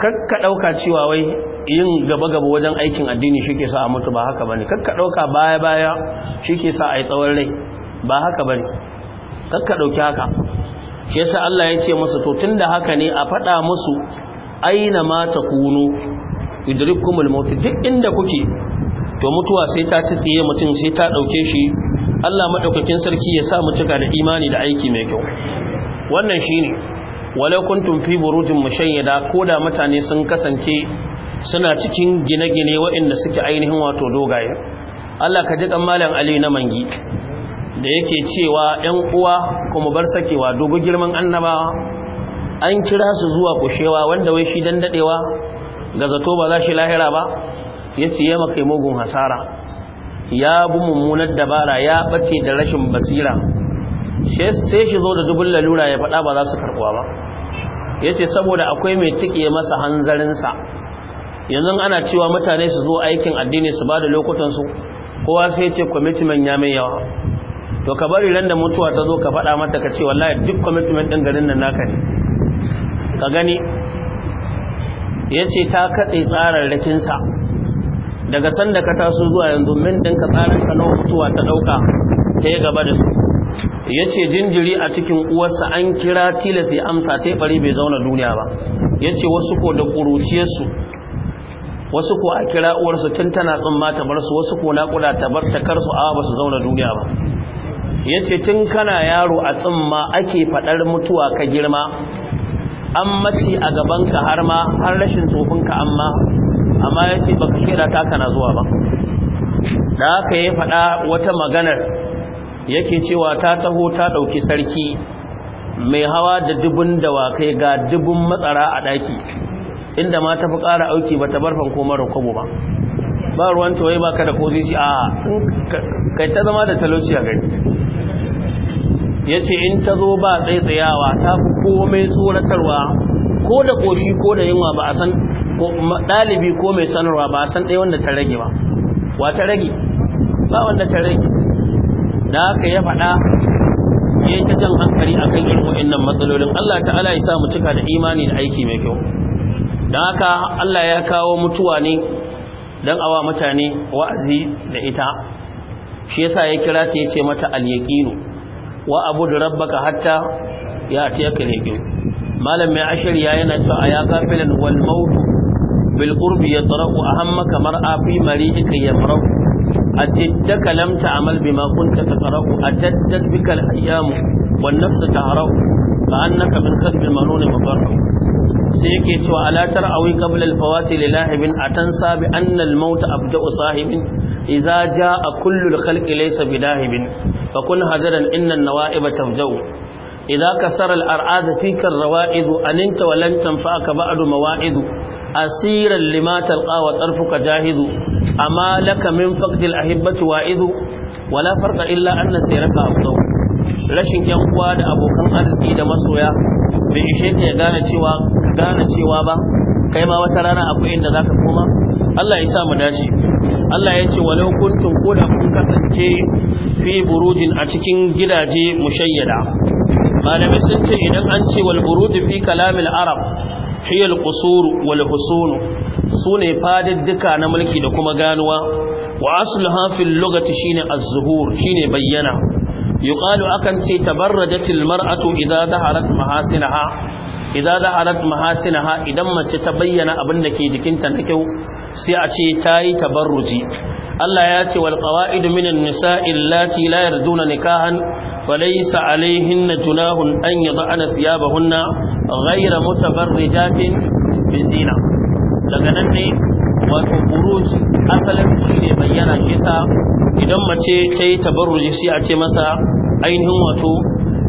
kakka ɗauka cewa wai yin gaba-gaba wajen aikin addini shi ke sa a mutu ba haka ba ne kakka ɗauka baya-baya shi ke sa a yi tsawon rai ba haka ba ne kakka ɗauki haka shi sa Allah ya ce masa to tun da haka ne a faɗa musu aina ma ta kunu idrikumul mautu duk inda kuke to mutuwa sai ta ci mutum sai ta ɗauke shi Allah maɗaukakin sarki ya sa mu cika da imani da aiki mai kyau wannan shi ne. walau kuntum fi burujin mushayyada ko da mutane sun kasance suna cikin gine-gine waɗanda suke ainihin wato dogaye Allah ka ji kan malam Ali na mangi da yake cewa 'yan uwa kuma bar sakewa dogo girman annabawa an kira su zuwa kushewa wanda wai shi dan dadewa ga zato ba za shi lahira ba ya ya makai mugun hasara ya bu mummunar dabara ya bace da rashin basira sai shi zo da dubun lalura ya faɗa ba za su karɓuwa ba ya ce saboda akwai mai tike masa hanzarinsa yanzu ana cewa mutane su zo aikin addini su ba da lokutansu kowa sai ce kwamitimen ya mai yawa to ka bari ran da mutuwa ta zo ka faɗa mata ka ce wallahi duk kwamitimen ɗin garin nan naka ne ka gani ya ce ta katse rikinsa. daga sanda ka taso zuwa yanzu min ɗinka tsarin ka nawa mutuwa ta ɗauka ta yi gaba da su ya ce jinjiri a cikin uwarsa an kira tilas ya amsa ta bari bai zauna duniya ba ya ce wasu ko da ƙuruciyarsu wasu ko a kira uwarsu tun tana tsamma ta bar su wasu ko naƙuda ta bar ta su awa ba su zauna duniya ba ya ce tun kana yaro a tsamma ake faɗar mutuwa ka girma an mace a gabanka har ma har rashin tsofinka amma amma ya ce baka shaida ta kana zuwa ba da haka ya faɗa wata maganar yake cewa ta taho ta ɗauki sarki mai hawa da dubun dawakai ga dubun matsara a ɗaki inda ma ta fi ƙara auki ba ta barfan ko mara kwabo ba ba ruwan tawai ba ka da kozi shi a kai ta zama da talauci a gani ya ce in ta zo ba tsaitsayawa ta fi komai tsoratarwa ko da ƙoshi ko da yunwa ba a san ɗalibi ko mai sanarwa ba a san ɗaya wanda ta rage ba wa ta rage ba wanda ta rage da haka ya faɗa ya ta jan hankali a kan irin matsalolin Allah ta'ala ya sa mu cika da imani da aiki mai kyau don haka Allah ya kawo mutuwa ne don awa mutane wa'azi da ita shi yasa ya kira ta ya ce mata al-yaqinu wa abudu rabbaka hatta ya'tiyaka al kyau. malam mai ashir ya yana a ya kafin wal maut bil a hamma kamar afi fi mari'ika yamra'u أتد لم تعمل بما كنت تقرأ أتدت بك الأيام والنفس تهرأ فأنك من خدم المنون مفرق سيكيت وألا ترأوي قبل الفوات للاهب أتنسى بأن الموت أبدأ صاحب إذا جاء كل الخلق ليس بلاهب فكن هدرا إن النوائب تفجو إذا كسر الأرعاد فيك الروائد أن انت ولن تنفعك بعد موائد asiran limatal talqa wa tarfuka jahidu amma laka min faqdil ahibbati wa'idu wala farqa illa anna sayraka rashin yan uwa da abokan arziki da masoya bai ishe ka ya gane cewa gane cewa ba kai ma wata rana akwai inda zaka koma Allah ya sa mu dace Allah ya ce walau kuntum da kun kasance fi burujin a cikin gidaje mushayyada malamai sun ce idan an ce wal fi kalamil arab hiyar qusur wal su sune fadidduka na mulki da kuma ganuwa wa asluha lokaci lugati shine az-zuhur shine bayyana yuqalu akan ce tabarrajatil mar'atu idza daharat mahasinaha idza daharat mahasinaha idan mace ta bayyana abin da ke jikinta na kyau sai a ce tayi tabarruji Allah ya ce wal min minan nisa'i allati la yarduna nikahan falaysa alayhinna junahun an yad'ana thiyabahunna غير متبرجات بزينة daga nan ne wato buruj asalin shi ne bayyana shi idan mace ta yi tabarruji sai a ce masa ainihin wato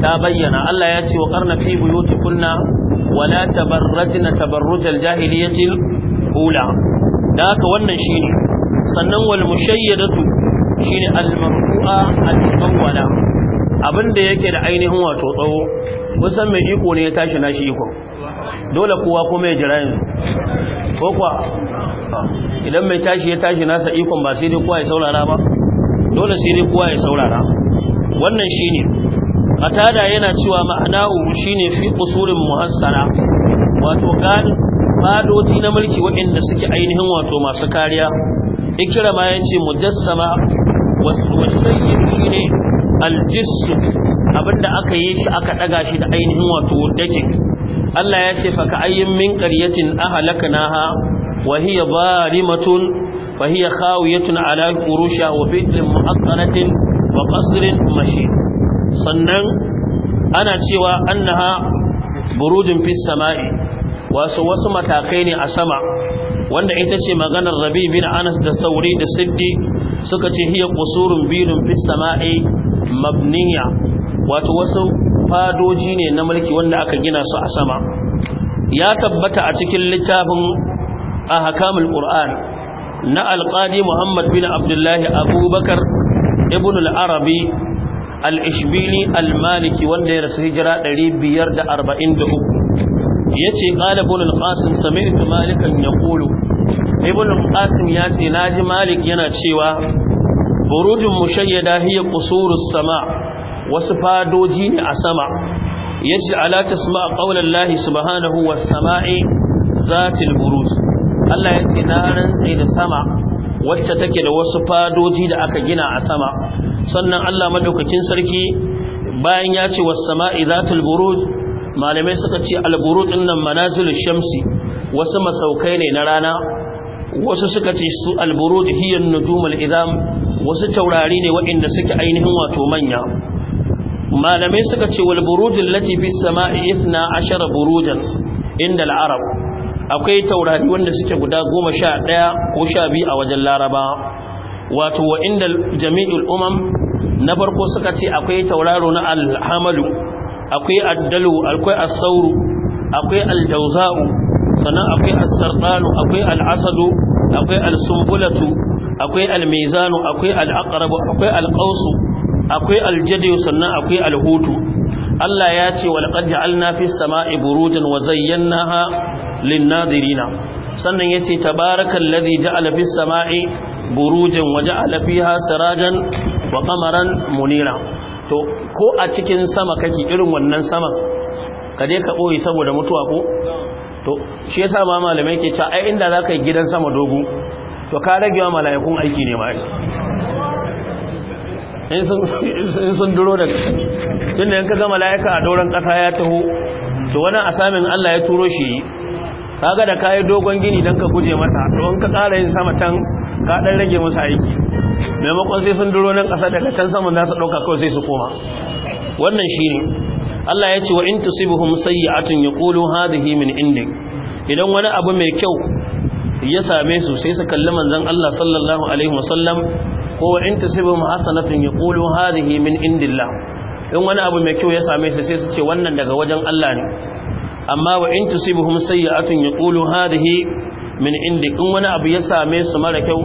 ta bayyana Allah ya ce wa karna fi buyuti kunna wala tabarrajna tabarrujal jahiliyatil ula da haka wannan shine sannan wal mushayyadatu shine al marfu'a al mutawwala abin da yake da ainihin wato tsawo kusan mai iko ne ya tashi nashi iko dole kowa kuma ya jira yanzu ko kuwa idan mai tashi ya tashi nasa ikon ba sai dai kowa ya saurara ba dole sai dai kowa ya saurara wannan shine qatada yana cewa ma'anahu shine fi kusurin muhassara wato gan fadoti na mulki waɗanda suke ainihin wato masu kariya ikrama ce mujassama wasu wasayyid ne. aljissu abinda aka yi shi aka daga shi da ainihin wato daki Allah ya ce fa ka ayyin min qaryatin ahlaknaha wa hiya zalimatun fa hiya khawiyatun ala qurusha wa fi'lin mu'aqqaratin wa qasrin mashi sannan ana cewa annaha burujun fis sama'i wasu wasu matakai ne a sama wanda ita ce maganar rabi bin anas da sauri da siddi suka ce hiya qusurun birin fis sama'i mabniya wato wasu fadoji ne na mulki wanda aka gina su a sama ya tabbata a cikin littafin ahkamul qur'an na alqadi muhammad bin abdullahi abubakar ibn al-arabi al-ishbili al-maliki wanda ya rasu hijira 543 yace qala ibn al-qasim sami'tu malikan yaqulu ibn al-qasim yace naji malik yana cewa burujin mushayyada hiya qusurus sama wasu fadoji ne a sama yace ala tasma lahi subhanahu was sama'i zatil buruj Allah yace na rantsa da sama wacce take da wasu fadoji da aka gina a sama sannan Allah madaukakin sarki bayan ya ce was sama'i zatil buruj malamai suka ce al buruj nan manazilul shamsi wasu masaukai ne na rana wasu suka ce su al buruj hiya an idham wasu taurari ne waɗanda suke ainihin wato manya malamai suka ce wal Latifi, lati sama'i ithna ashara burudan inda al-arab akwai taurari wanda suke guda ɗaya ko biyu a wajen laraba wato wa inda jami'ul umam na farko suka ce akwai tauraro na Alhamalu, akwai addalu akwai as akwai al sannan akwai as akwai al-asadu akwai al-sumbulatu akwai almizanu akwai al'aqrabu akwai alqausu akway aljadu sannan akwai alhutu Allah ya ce wal qad ja'alna fis sama'i burujan wa zayyanaha lin nadirina sannan yace tabarakallazi ja'ala fis sama'i burujan wa ja'ala fiha sirajan wa qamaran munira to ko a cikin sama kake irin wannan sama ka je ka boye saboda mutuwa ko to shi yasa ma malamai ke cewa ai inda zaka yi gidan sama dogo to ka rage wa mala'ikun aiki ne mai in sun duro da yanka ga mala'ika a doron kasa ya taho to wani asamin Allah ya turo shi kaga da kayi dogon gini don ka guje mata don ka ƙara yin sama tan ka ɗan rage musu aiki maimakon sai sun duro nan ƙasa daga can saman za su ɗauka kawai sai su koma wannan shi ne Allah ya ce wa in tusibuhum sayyi'atun yaqulu hadhihi min indik idan wani abu mai kyau ya same su sai su kalli manzon Allah sallallahu alaihi wasallam ko wa in tasibum hasanatun yaqulu hadhihi min indillah in wani abu mai kyau ya same su sai su ce wannan daga wajen Allah ne amma wa in ya sayyi'atun yaqulu hadhihi min indi in wani abu ya same su mara kyau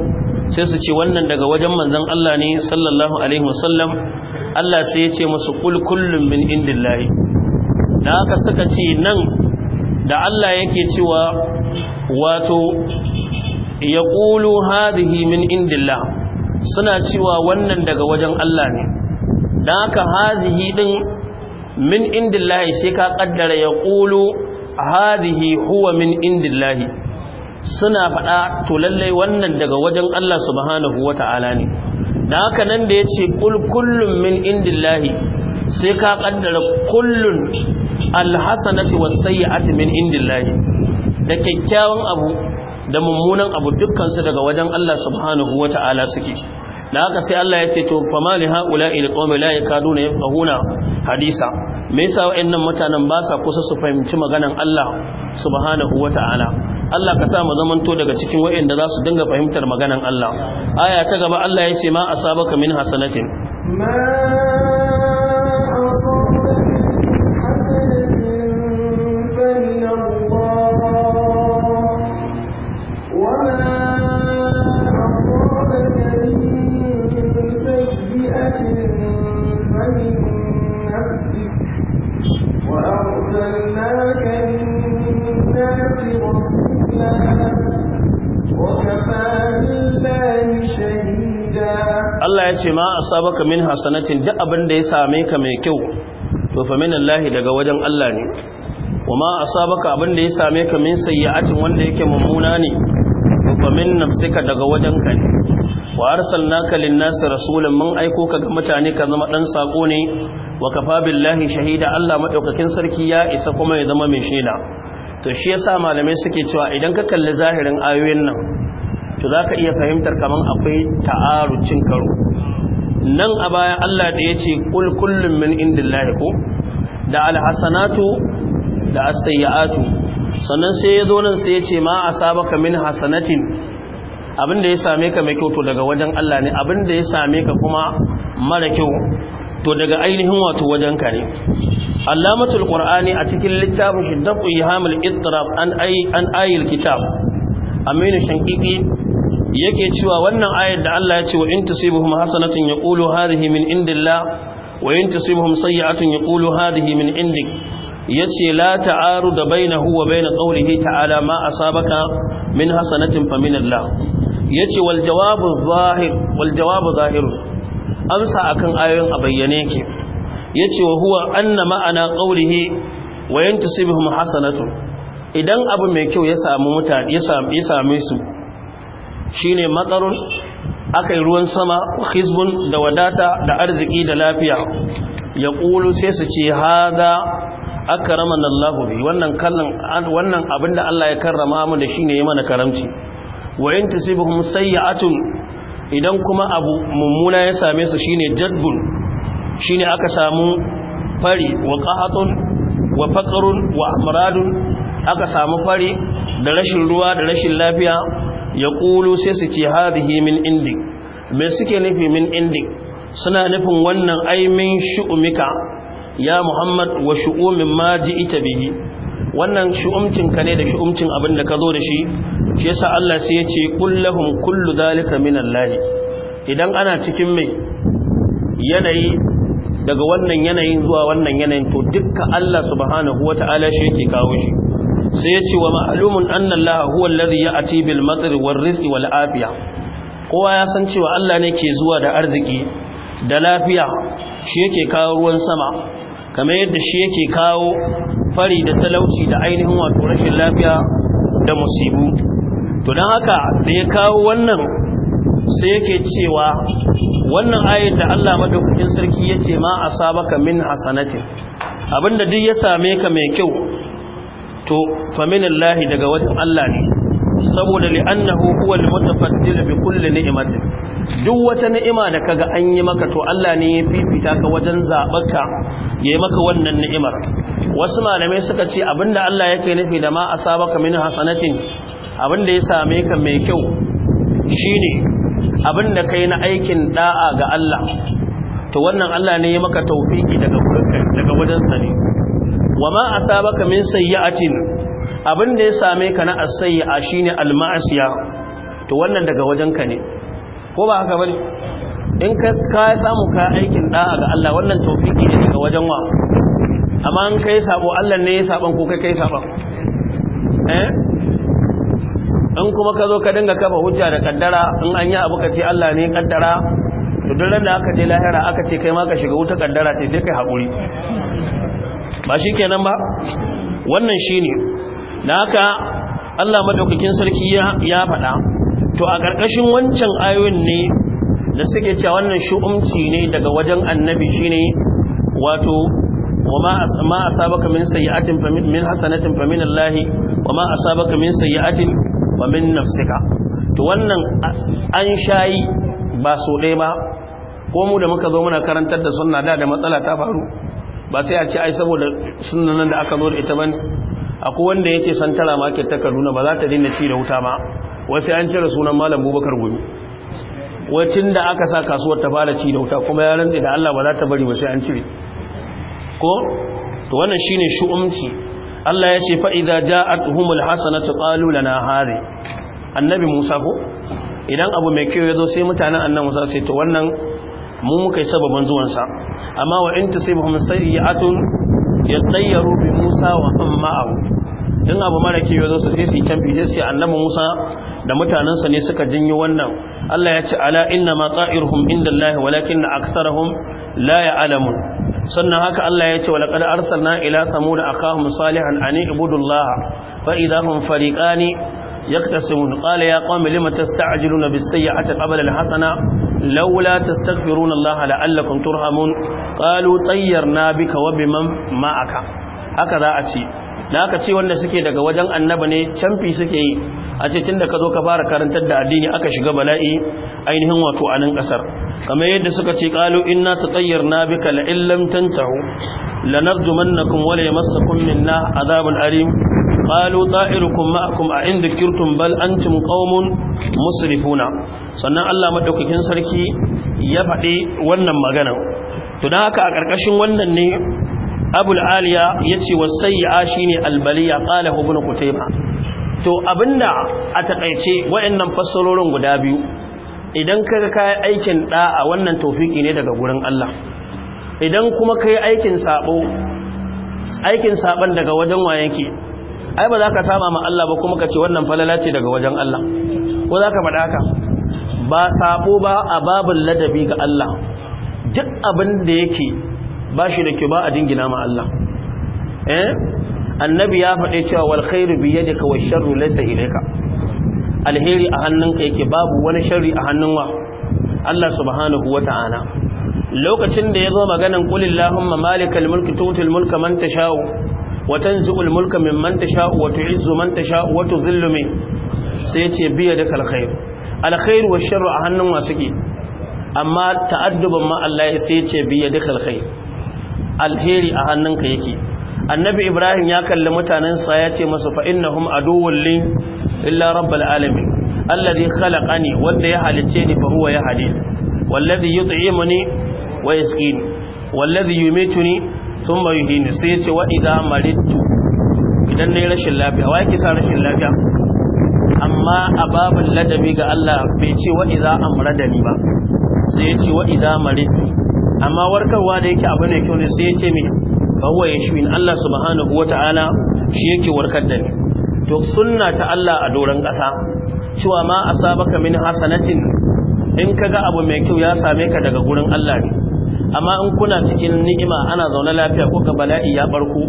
sai su ce wannan daga wajen manzon Allah ne sallallahu alaihi wasallam Allah sai ya ce musu kul kullun min indillahi da haka suka ce nan da Allah yake cewa wato ya ƙulu hadihi min indilla suna cewa wannan daga wajen Allah ne don haka hadihi ɗin min indillahi sai ka ƙaddara ya ƙulu hadihi huwa min indillahi suna faɗa to lallai wannan daga wajen Allah subhanahu wa ta'ala ne don haka nan da ya ce kullum min indillahi sai ka ƙaddara kaddara kullun alhasanati wasayyi'ati min indillahi da kyakkyawan abu da mummunan abu dukkansu daga wajen Allah subhanahu wata'ala suke da haka sai Allah ya ce to fa mali haula ila qawmi la yakaduna yafqahuna hadisa me yasa wayannan mutanen ba sa kusa su fahimci maganan Allah subhanahu wata'ala Allah ka sa mu zamanto daga cikin wayanda za su dinga fahimtar maganan Allah aya ta gaba Allah ya ce ma asabaka min hasanatin ce ma a asabaka min hasanatin duk abin da ya same ka mai kyau to fa min Allah daga wajen Allah ne kuma asabaka abin da ya same ka min sayyi'atin wanda yake mummuna ne to fa min nafsika daga wajen ka ne wa arsalnaka lin-nasi rasulan mun aiko ka ga mutane ka zama dan sako ne wa kafa billahi shahida Allah madaukakin sarki ya isa kuma ya zama mai shaida to shi yasa malamai suke cewa idan ka kalli zahirin ayoyin nan to zaka iya fahimtar kaman akwai ta'arucin karo nan a baya Allah da ya ce kul kullum min indillahi ko da alhassanatu da asayyatu sannan sai ya zo nan sai ya ce ma a sabaka min hasanatin abinda ya same ka mai kyau to daga wajen Allah ne abinda ya same ka kuma mara kyau to daga ainihin wato wajen ka ne alamatul Qur'ani a cikin littafin Shiddatul Ihamul Ittirab an ayi an ayil kitab Aminu Shankiki yake cewa wannan ayar da Allah ya ce wa in tusibuhum hasanatun yaqulu hadhihi min indillah wa in tusibuhum sayyi'atun yaqulu hadhihi min indik yace la ta'aruda bainahu wa bain qawlihi ta'ala ma asabaka min hasanatin fa min Allah yace wal jawabu zahir wal jawabu zahir amsa akan ayoyin a bayyane yake yace wa huwa anna ma'ana qawlihi wa yantasibhum hasanatu idan abu mai kyau ya samu mutane ya same su shine matsarun akai ruwan sama hizbun da wadata da arziki da lafiya ya ƙulu sai su ce haza aka raman na bi wannan wannan abinda Allah ya karrama mu da shine ne mana karamci wa in tusibuhum sayyi'atun idan kuma abu mummuna ya same su shine jadbun shine aka samu fari wa qahatun wa faqrun wa amradun aka samu fari da rashin ruwa da rashin lafiya ya ƙulu sai su ce hadihi min indik mai suke nufi min indik suna nufin wannan aimin shu'umika ya muhammad wa shu'umin ma ji ita bihi wannan ka ne da shu'umcin abin da ka zo da shi shi yasa Allah sai ya ce ƙullahun kullu zalika min Allah idan ana cikin mai yanayi daga wannan yanayin zuwa wannan yanayin to dukka Allah subhanahu wataala shi yake kawo shi sai ya ce wa ma'alumin annallaha huwa ya ya'ti bil wa rizqi wa la'afiya. kowa ya san cewa Allah ne ke zuwa da arziki da lafiya shi yake kawo ruwan sama kamar yadda shi yake kawo fari da talauci da ainihin wato rashin lafiya da musibu to don haka da ya kawo wannan sai yake cewa wannan ayat da Allah madaukakin sarki ya ce ma a sabaka min hasanatin abinda duk ya same ka mai kyau to faminallahi daga wajen Allah ne saboda li'annahu huwal mutafaddil bi kulli ni'matin duk wata ni'ima da kaga an yi maka to Allah ne ya fifita ka wajen zabarka yayi maka wannan ni'imar wasu malamai suka ce abinda Allah yake nufi da ma asabaka min hasanatin abinda ya same ka mai kyau shine abinda kai na aikin da'a ga Allah to wannan Allah ne ya maka tawfiki daga daga wajen sa ne wa ma asabaka min sayyi'atin abin da ya same ka na as a shine al-ma'siya to wannan daga wajen ka ne ko ba haka bane in ka ka samu ka aikin da'a ga Allah wannan tawfiki ne daga wajen wa amma in kai sabo Allah ne ya saban ko kai kai saban eh in kuma ka zo ka dinga kafa hujja da kaddara in an yi abu ka ce Allah ne kaddara to duk da aka je lahira aka ce kai ma ka shiga wuta kaddara ce sai kai haƙuri ba shi kenan ba wannan shi ne na haka allah maɗaukakin sarki ya faɗa to a ƙarƙashin wancan ayoyin ne da suke cewa wannan shu'umci ne daga wajen annabi shine wato وما ما أصابك من سيئة من حسنة فمن الله asabaka min من wa min Nafsika? to wannan an shayi ba so dai ba ko mu da muka zo muna karantar da sunna da da matsala ta faru ba sai a ce ai saboda sunan da aka zo da ita bane. akwai wanda ya ce santara market ta kaduna ba za ta dinga ci da wuta ba wasu an cire sunan malam bubakar gumi wacin da aka sa kasuwar ta fara ci da wuta kuma ya rantsi da allah ba za ta bari ba sai an cire ko to wannan shine shu'umci allah ya ce fa idza humul hasanatu qalu lana hadi annabi musa ko idan abu mai kyau ya zo sai mutanen annan musa sai to wannan mu muka yi sababan zuwansa amma wa in tusibuhum ya yatayyaru bi Musa wa amma'ahu din abu mara ke yazo su sai su kambi sai su annabi Musa da mutanansa ne suka jinyi wannan Allah ya ce ala inna ma ta'iruhum lahi walakin aktharuhum la ya'lamun sannan haka Allah ya ce wa laqad na ila thamud akahum salihan ani ibudullaha fa idahum fariqani يقتسمون ta يا na لم ya بالسيئة قبل Hassana. laula tastaghfiruna Allah la'allakum turhamun qalu na bi wa biman ma'aka haka za a ce Na aka ce wanda suke daga wajen annaba ne canfi suke yi a ce tun da ka zo ka fara karantar da addini aka shiga bala'i ainihin wato a nan ƙasar kamar yadda suka ce ƙalo Ina ta tsayyar na bi ka la'illam tantahu lanar jumannakum wale masakun na azabun arim قالوا طائركم معكم a in بل bal قوم مسرفون musrifuna sannan Allah madaukakin sarki ya fadi wannan magana to dan haka a karkashin wannan ne Abul Aliya yace wasayya shine albaliya qala ibn Qutayba to abinda a takaice wayannan fassarorin guda biyu idan kaga kai aikin a wannan tawfiki ne daga gurin Allah idan kuma kai aikin sabo aikin saban daga wajen wayanki ai ba za ka saba ma Allah ba kuma ka ce wannan falala ce daga wajen Allah ko za ka faɗa haka ba sabo ba a babin ladabi ga Allah duk abin da yake ba shi da ke ba a dingina ma Allah eh annabi ya faɗe cewa wal khairu bi yadika wash sharru laysa ilayka alheri a hannunka yake babu wani sharri a hannun wa Allah subhanahu wata'ala lokacin da ya zo maganan qulillahumma malikal mulki tutul mulka man tasha'u وتنزع الملك من من تشاء وتعز من تشاء وتذل من سيتي بيدك الخير الخير والشر أهنم واسكي أما تأدبا ما الله سيتي بيدك الخير alheri a hannunka yake annabi ibrahim ya kalli mutanensa ya ce masu fa'innahum aduwwul li illa rabbul alamin alladhi khalaqani wanda ya halice ni fa huwa ya wallazi yut'imuni sun mai hini sai ce wa'iza maritu idan na yi rashin lafiya wa yake sa rashin lafiya amma a babin ladabi ga Allah bai ce wa'iza amra da ni ba sai ce wa'iza maritu amma warkarwa da yake abu ne kyau ne sai ce mai bawa ya shi in Allah subhanahu wa ta'ala shi yake warkar da ni to sunna ta Allah a doron ƙasa cewa ma a sabaka min hasanatin in kaga abu mai kyau ya same ka daga gurin Allah ne amma in kuna cikin ni'ima ana zaune lafiya ko ka bala'i ya barko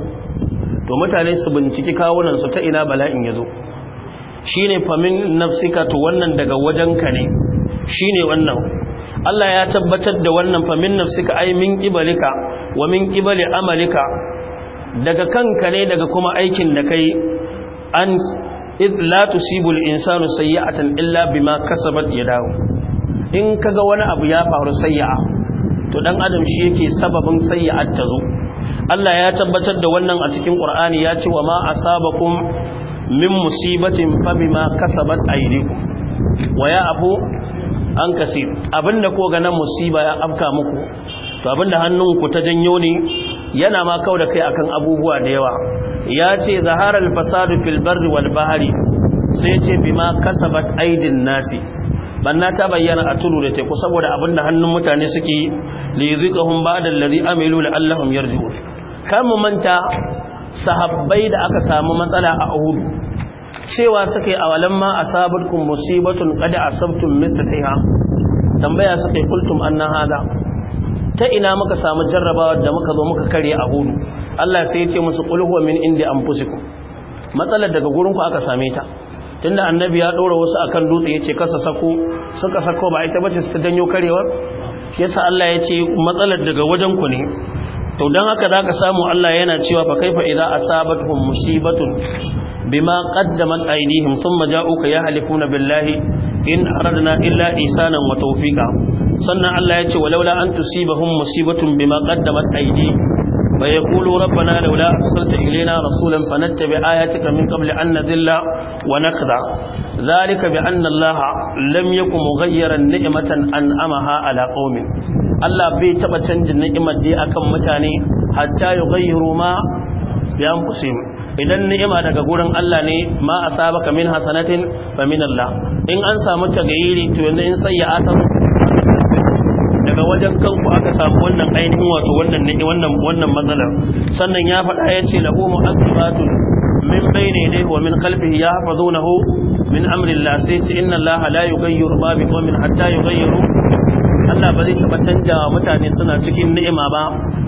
to mutane su binciki kawunan su ta ina bala'in ya zo shine famin nafsika to wannan daga wajenka ne shine wannan Allah ya tabbatar da wannan famin nafsika ai min ibalika wa min ibali amalika daga kanka ne daga kuma aikin da kai an iz la tusibu al-insanu sayyi'atan illa bima kasabat yadahu in kaga wani abu ya faru sayyi'a to dan adam shi yake sababin sayyi'at ta zo Allah ya tabbatar da wannan a cikin Qur'ani ya ce wa ma asabakum min musibatin fa bima kasabat aydikum wa ya abu an kasir abinda ko ga nan musiba ya afka muku to abinda hannunku ta janyo ne yana ma kawo da kai akan abubuwa da yawa ya ce zaharar fasadu fil barri wal bahari sai ce bima kasabat aidin nasi banna ta bayyana a tudu da teku saboda abinda hannun mutane suke yi liyuzikahum ba'da Lazi, amilu allahun yarji'un kar mu manta sahabbai da aka samu matsala a hudu. cewa suka yi awalan ma asabatkum musibatun qad asabtum mithlaha tambaya suka yi kultum anna hada ta ina muka samu jarrabawa da muka zo muka kare a hudu? Allah sai ya ce musu qul huwa min indi matsalar daga gurin ku aka same ta tunda annabi ya dora wasu akan dutse yace kasa sako suka sako ba ita bace su danyo karewar yasa Allah yace matsalar daga wajen ku ne to dan haka zaka samu Allah yana cewa fa kaifa idza asabatuhum musibatun bima qaddamat aydihim thumma ja'uka yahlifuna billahi in aradna illa isanan wa tawfiqa sannan Allah yace walaula an tusibahum musibatun bima qaddamat aydihim فيقول ربنا لولا أرسلت إلينا رسولا فنتبع آياتك من قبل أن نذل ونخدع ذلك بأن الله لم يكن مغيرا نعمة أنعمها على قوم الله بي تبا تنجي النعمة دي أكم متاني حتى يغيروا ما بأنفسهم idan ni'ima daga gurin Allah ne ma asabaka min hasanatin fa min Allah in an samu tagayiri to yanzu in sayya ta daga wajen kanku aka samu wannan ainihin wato wannan ne wannan wannan matsalar sannan ya faɗa ya ce lahu mu'aqibatun min bayni yadayhi wa min khalfihi yahfazunahu min amri Allah sai ce inna Allah la yughayyiru ma biqawmin hatta yughayyiru Allah ba zai taɓa canja mutane suna cikin ni'ima ba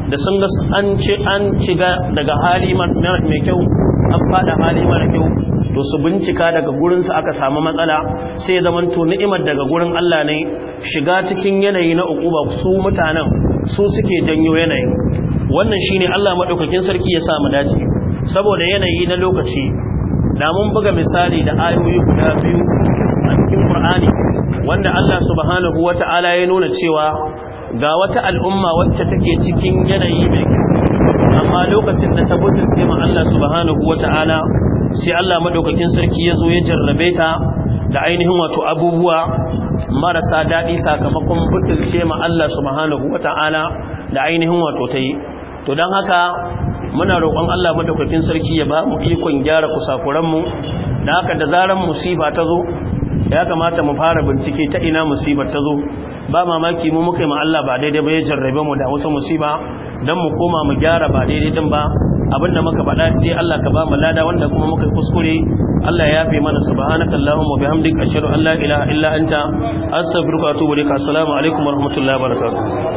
da sun ga an ci an shiga daga hali mai kyau an fada hali mara kyau to su bincika daga gurinsu aka samu matsala sai ya zama to ni'imar daga gurin Allah ne shiga cikin yanayi na ukuba su mutanen su suke janyo yanayi. wannan shine Allah madaukakin sarki ya sa mu dace saboda yanayi na lokaci da mun buga misali da ayoyi guda biyu a cikin Qur'ani wanda Allah subhanahu wata'ala ya nuna cewa ga wata al'umma wacce take cikin yanayi mai amma lokacin da ta mutunce ma Allah subhanahu wata'ala sai Allah madaukakin sarki ya zo ya jarrabe ta da ainihin wato abubuwa marasa daɗi sakamakon butulce ma Allah subhanahu wata'ala da ainihin wato ta yi to don haka muna roƙon Allah madaukakin sarki ya ba mu ikon gyara kusakuranmu da haka da zaran musiba ta zo ya kamata mu fara bincike ta ina musibar ta zo ba mamaki mu muka yi ma Allah ba daidai ba ya jarrabe mu da wata musiba don mu koma mu gyara ba daidai din ba abinda muka faɗa dai Allah ka ba mu lada wanda kuma muka kuskure Allah ya yafe mana subhanaka allahumma wa bihamdika ashhadu an la ilaha illa anta astaghfiruka wa atubu ilaik assalamu alaikum wa rahmatullahi wa barakatuh